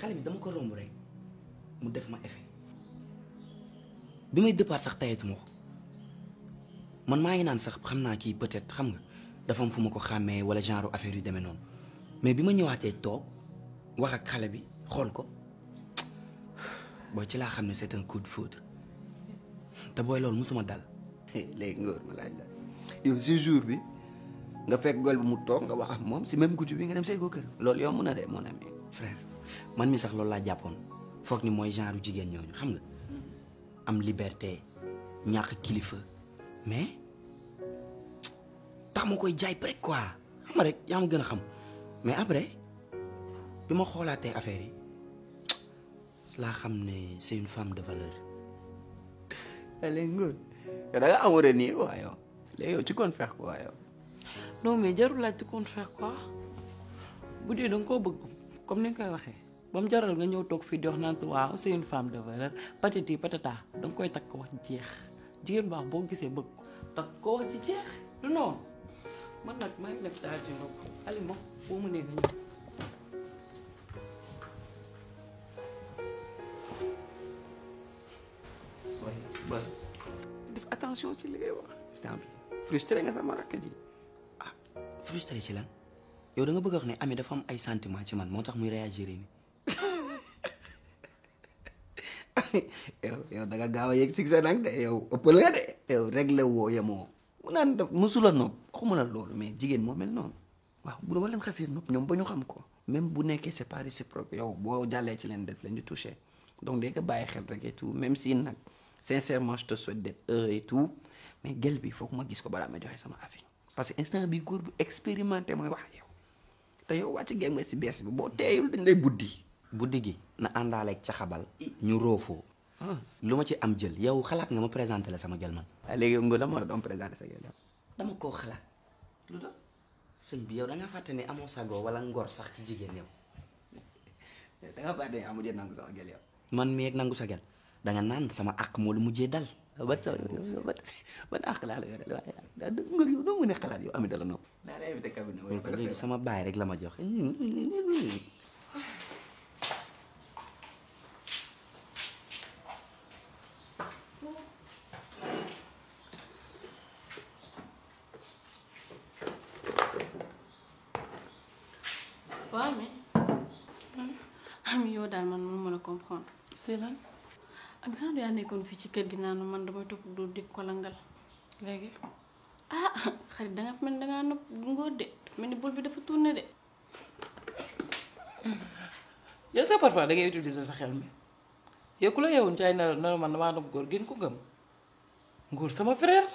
xale bi dama ko romb rek mu def ma effet bi may départ sax tayetuma ko man maa ngi naan sax xam naa kii peut-être xam nga dafa am fu ma ko xàmmee wala genre affaire yu demee noonu mais bi ma ñëwaatee toog wax ak xale bi xool ko booy ci laa xam ne c'est un coup de foudre te booy loolu musuma dal. léegi ngóor ma laaj la yow si jour bi nga fekk gol bi mu toog nga wax ak moom si même guddi bi nga dem seet ko kër loolu yow mun na de mon ami frère. man mi sax loolu laa jàppoon foog ni mooy genre jigéen ñooñu xam nga am liberté ñàkk kilifa mais tax ma koy jaay pare quoi xam nga rek yaa ma gën a xam mais après bi ma xoolaate affaire yi laa xam ne c'est une femme de valeur. allez Ngor yow da nga nii quoi yow léegi yow ci compte faire quoi yow. non laaj ci compte faire quoi bu dee da koo bëgg comme ni nga koy waxee. bam jaral nga ñew tok fi di wax naan waaw c'est une femme de valeur patati patata dang koy tak wax jeex jigéen baax bo gisee bëgg ko ko wax ci jeex du non man nak may def ci ali mo bo mu ne def attention ci li ngay wax frustré nga sama rakk ji ah frustré ci lan yow da nga bëgg wax ne dafa am ay ci yow yow da nga gaaw a yegg succès nag de yow ëppal nga de yow réglé woo yemoo mu naan def mosula nopp waxuma la loolu mais jigéen moo mel noonu waaw bu doo leen xasee nopp ñoom ba ñu xam ko même bu nekkee c'est pas réciproque yow boo jàllee ci leen def leen di touché donc dañ ko bàyyi xel rek et tout même si nag sincèrement je te souhaite d'être heureux et tout mais gel bi foog ma gis ko balaa ma joxe sama avis parce que instant bi góor bu expérimenté mooy wax yow te yow wàcc gem nga si bees bi boo teeyul dañ lay buddi guddi gi na àndaaleeg ca xabal ñu roofoo lu ma ci am jël yow xalaat nga ma présenté la sama gel man ah, léegi yow la moo la doon sa gel dama koo bi yow da fàtte ne amoo sago wala ngor sax ci jigéen yow da nga fàtte ne amu nangu sama gel man mi yeeg sa da nga naan sama àq moo la mujjee dal ba taw ba ngor yow doo mën xalaat yow ami dala nopp léegi sama baay rek la ma jox comprendre. c'est lan ab xam yaa nekkoon fii ci kër gi naan man damay topp du di ko langal léegi. ah xarit da nga mel ni da ngaa nopp ngóor de mel ni bool bi dafa tourné de. yow sax parfois da ngay sa xel mi yow ku la yeewoon ci ay nar man damaa nopp góor gën ko gëm ngóor sama frère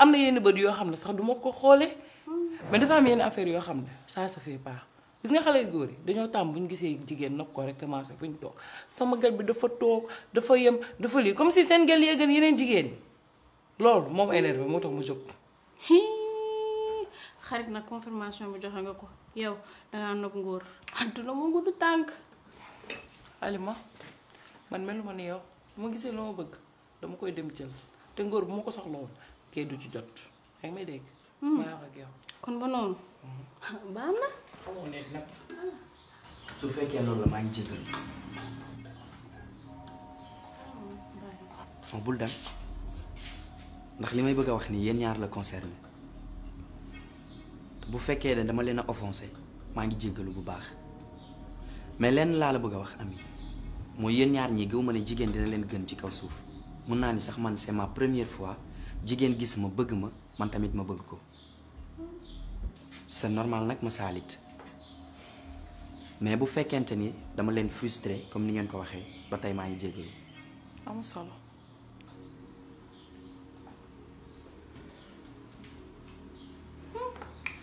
am na yenn bët yoo xam ne sax du ma ko xoolee hmm. mais dafa am yenn affaire yoo xam ne saa sa fait pas. gis nga xale góor yi dañoo tàmm bu ñu gisee jigéen nopp ko rek commencé fu ñu toog sama gel bi dafa toog dafa yem dafa lii comme si seen gel yee gën yeneen jigéen ñi loolu moom énervé moo tax mu jóg. xarit nag confirmation bi joxe nga ko yow dangaa nopp ngóor àdduna moo gudd tànk. Alima man mel ni yow bu ma gisee loo ma bëgg dama koy dem jël te ngóor bu ma ko soxla woon kay du ci jot yaa ngi may dégg. Hmm. maa wax ak yow. kon ba noonu. Hmm. baax na. su fekkee loolu maa ngi jégal moom bul dem ndax li may bëgg a wax nii yéen ñaar la concerné bu fekkee ne dama leen a offensé maa ngi jégalu bu baax mais lenn laa la bëgg wax ami mooy yéen ñaar ñi gëw ma ne dina leen gën ci kaw suuf ni sax man c'est ma première fois jigéen gis ma bëgg ma man tamit ma bëgg ko c'est normal nak ma mais bu fekkente ni dama leen frustré comme ni ngeen ko waxee ba tey ngi jégalu. amul solo.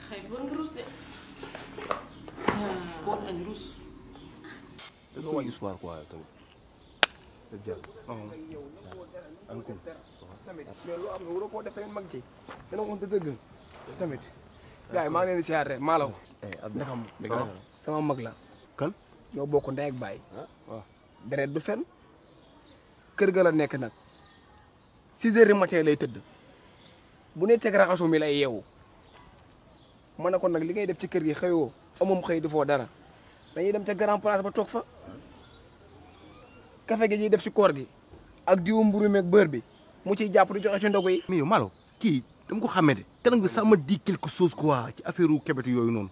xëy na bon ruus de. Ah. tamit. dëgg la ko def tamit mag ji. ko dëgg tamit. gars yi eh, sama mag la. ñoo bokk ndey baay. Ah. waaw du fen kër ga la nekk nag six heures du matin lay tëdd bu ne teg mi lay yeewu ma ne ko nag li ngay def ci kër gi xëyoo amum xëy di foo dara dañuy dem te grand place ba toog fa kafe gi ñuy def ci koor gi ak diwu mburu meeg bër bi mu ciy jàpp di joxe ci ndogu yi. mais Malo kii dama ko xamante ne. kanam bi ça me dit quelque chose quoi ci affaire u kebet yooyu noonu.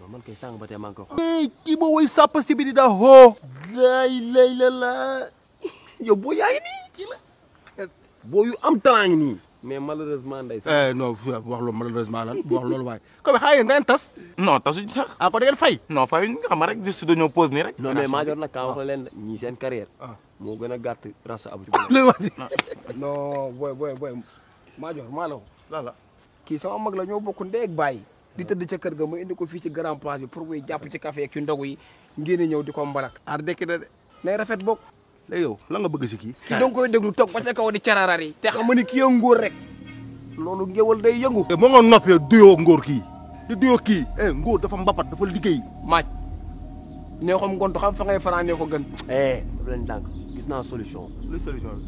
non man kay sànq ba tey maa ngi koy kii boo woy sàpp si bi daa xoo. lay lay la yow boo yaa ngi nii kii la. boo yu am talent ngi nii. mais malheureusement nday sax. Eh, non wax loolu malheureusement lan wax loolu waaye. comme xaaral yéen fay. non fayuñ xam nga rek juste dañoo pause nii rek. non mais maa jot leen ñii seen carrière. Ah. moo gën a gàtt rasu abu. loolu wax ah. non booy booy booy maa jot maa la ko. la kii sama mag la ñoo bokk ndey ak baay. di tedd ci kër ga mu indi ko fi ci grand place bi pour muy japp ci café ak ci ndogu yi ngeen ñew di ko mbalak ar dekk da de rafet bok lay yow la nga bëgg ci ki kii dong koy deglu tok ba ca kaw di cararar yi te xam ni kii yow ngóor rek lolu ngeewal day yëngu eh, mo nga noppee duyo ngor ki di duyo ki eh ngor dafa mbapat dafa liggey maaj nee xam to xam fa ngay fanaanee ko gën eh dafa leen dank gis na solution le solution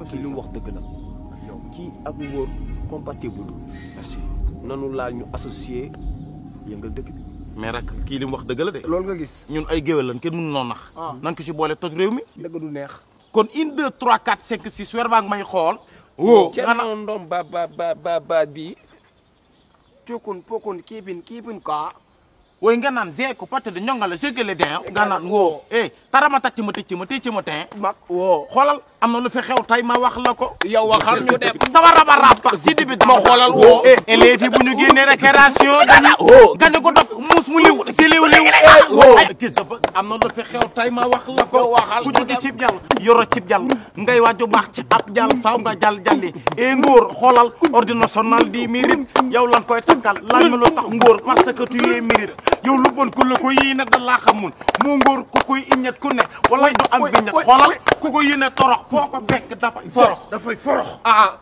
ma ci lu wax deug la ki ak ngor compatible merci nanu laal ñu associé yëngal dëkk bi. mais rak kii li mu wax dëgg la de. loolu nga gis ñun ay géwél lan kenn mënu noo nax. Ah. nan ko ci boole toj réew mi. dëgg du neex. kon une deux trois quatre cinq six weer baa ngi may xool. woo xanaa ndom ba ba ba ba ba bi cukun pokun kiibin kiibin kaa. woy nga naan zee ko pàtte de ñongale jégale den. nga naan woo eh tarama ta ma tëcc ma tëcc ma ten. woo xoolal am na la fi xew tay ma wax la ko. yow waxal ñu dem sama pax si dibi dama xoolal woo eh, élèves yi bu ñu génnee récréation dañuy woo gane ko dof muus mu liw si liw liw eh, woo gis dafa am na lu fi xew tay ma wax la ko waxal ku jóge cib jàll yoro cib jàll ngay waaju baax ci ab jàll faaw nga jàll jàlli e eh, ngóor xoolal ordinational di mérite yow lan koy takkal laaj ma lu tax ngóor parce que tu es mérite yow lu bon ku la ko yii nag da laa xamul ngoor ngóor ku koy iñet ku ne walay du am biñat xoolal Ah.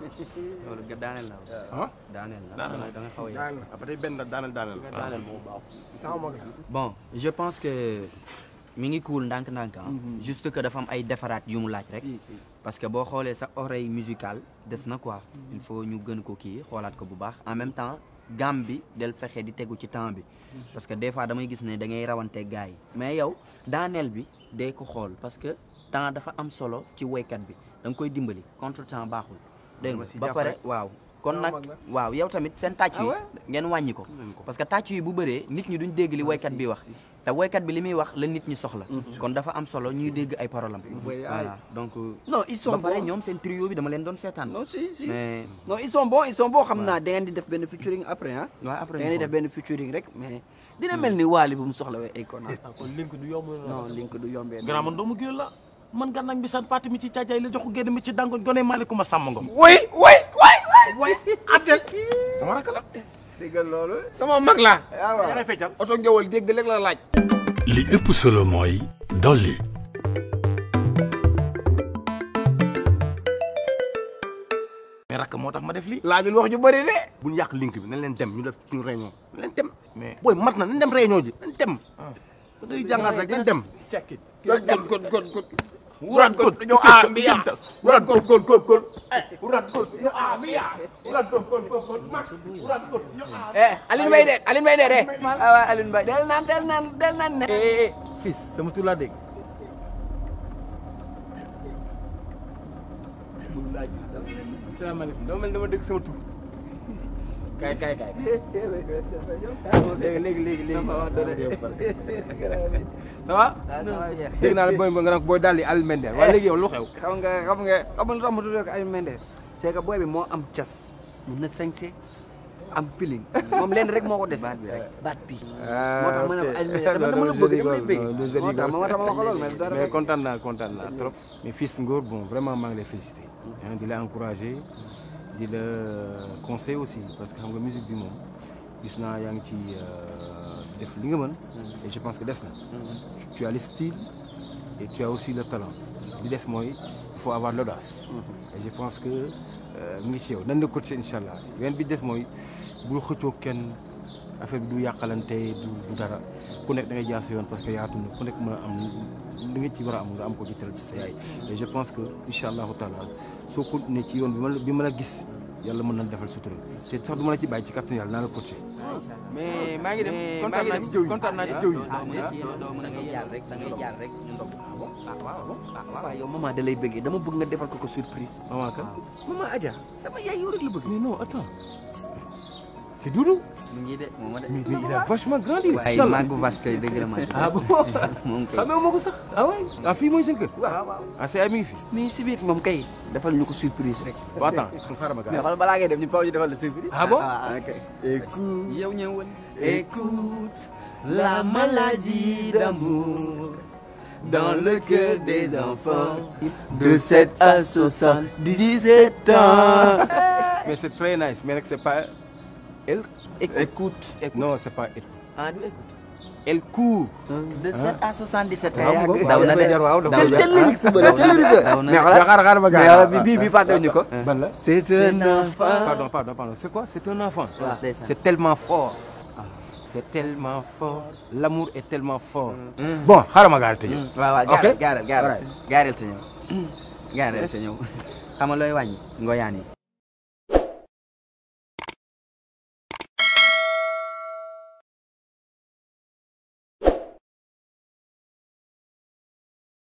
bon je pense que mini cool hein. mhm. juste que dafa am ay une parce que on a sa oreille musicale quoi mhm. il faut ñu gën en même temps gam bi del fexe di tegu ci temps bi parce que des fois damay gis ne da ngay rawante gars yi mais yow daaneel bi dee ko xool parce que temps dafa am solo ci woykat bi da koy dimbali contre temps baaxul dégg nga ba pare waaw kon nag waaw yow tamit seen tàcc yi ah ngeen wàññi ko parce que tàcc yi bu bëree nit ñi duñ dégg li ah, woykat bi wax te woykat bi limi wax la nit ñi soxla. Mhm. kon dafa am solo ñuy dégg ay paroles voilà donc. non ils sont bons ñom pare trio bi dama leen don sétane non si si mais. non ils sont bon ils sont bon xamna da ngeen di def ben featuring après hein wa après da ngeen di def ben featuring rek mais. dina mm. melni wali bu mu soxla wé ay kon ah, kon link du yomb non link du yombé grand man doomu géwél la man gan nak bi sant parti mi ci tiajay la joxu ko mi ci dangoon goné malikuma sam sàmm nga. oui oui oui oui. abdel sama rakala déggal loolu. sama mag la. Ah, waaw oto ngewal dégg léeg la laaj. li ëpp solo mooy dolli. mais rakk moo tax ma def li lii. laajul wax ju bëri de. bu ñu yàq link bi nañ leen dem ñu def suñu réunion nañ leen dem. mais booy mat na nañ dem réunion ji nañ dem. da ah. ngay jàngat rek nañ dem. cekki dem kon urat gol yo ambiya urat gol gol gol gol urat gol yo ambiya urat gol gol gol urat gol yo eh Alioune Mbaye de Alioune Mbaye de de waaw Alioune Mbaye del naan del naan del naan ne eh, eh, eh, fils sama tur laa dama mel kay kay kay. léegi léegi léegi. ça va. Ah, dégg naa la booy nga naan booy daal di Aliou Mender waaye léegi yow lu xew. xam nga xam nga xam nga lu tax Aliou Mender c'est que booy bi moo am cas mun na sañse am feeling moom lenn rek moo ko des. baat bi rek baat bi. Ah, moo tax ma ne Aliou Mender dama la bëgg dama la bëgg. moo tax ma tax ma wax lool mais dara mais kontaan naa kontaan naa trop. mais fils Ngor bon vraiment maa ngi lay féliciter. Mm. di la encourager. di conseil aussi parce que la musique du monde, il y a ngi euh, def li nga mm-hmm. et je pense que c'est mm-hmm. tu as le style et tu as aussi le talent. il faut avoir l'audace. Mm-hmm. et je pense que euh, mu ngi le coach inchallah la coacher incha bi def moy bu xëccoo kenn. affaire bi du yakalante du dara ku nek da nga jass sa parce que yaatu na ku nek mën am li nga ci wara am nga am ko ci ci sa et je pense que inshallah taala so ku ne ci yoon bi ma la gis yalla mën na defal sutura te sax du ma la ci bay ci carton yalla na la coaché. mais ma ngi dem kontaan naa ci jëw yi kontaan naa ci ah, jëw yi. ah doo ngay jaar rek da ngay jaar rek ñu ah, ah, ah waaw waaw yow da lay dama bëgg nga defal ko ko surprise. maman kan maman Adja sama yaay yow rek la bëgg. mais non attends c'est Doudou. mu ngi de moom de. mais il a vachement grandi. incha allah waaye màggu vache kay dëgg ah bon moom kay xamee ma ko sax. ah oui La fii mooy seen kër. waaw ah c'est ami fi. mais si biir moom kay. defal ñu ko surprise rek. waaw attends xaaral ma gaaw. mais xool balaa ngay def ñu Paw defal surprise. ah bon ah, ah ok. écoute yow ñëwal. écoute la maladie d'amour dans le cœur des enfants de 7 à 70 ans. mais c'est très nice mais c'est pas. Eh. Elle écoute. écoute. écoute. Non, c'est pas écoute. Ah, du écoute. Elle court. Hein? De 7 hein? à 77. daw na de waaw daw na de jël lyrics ba la jël lyrics mais xaar xaar ma gars bi bii bii c'est un enfant. pardon pardon pardon c'est quoi c'est un enfant. waaw c'est tellement fort. Ah, c'est tellement fort l'amour est tellement fort. Mm. Mm. bon xaaral ma gaaral te ñëw. Mm. waaw waaw gaaral gaaral gaaral gaaral te ñëw. gaaral te eh? ñëw xam nga looy wàññi ngoyaan yi.